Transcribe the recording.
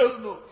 eux-mêmes.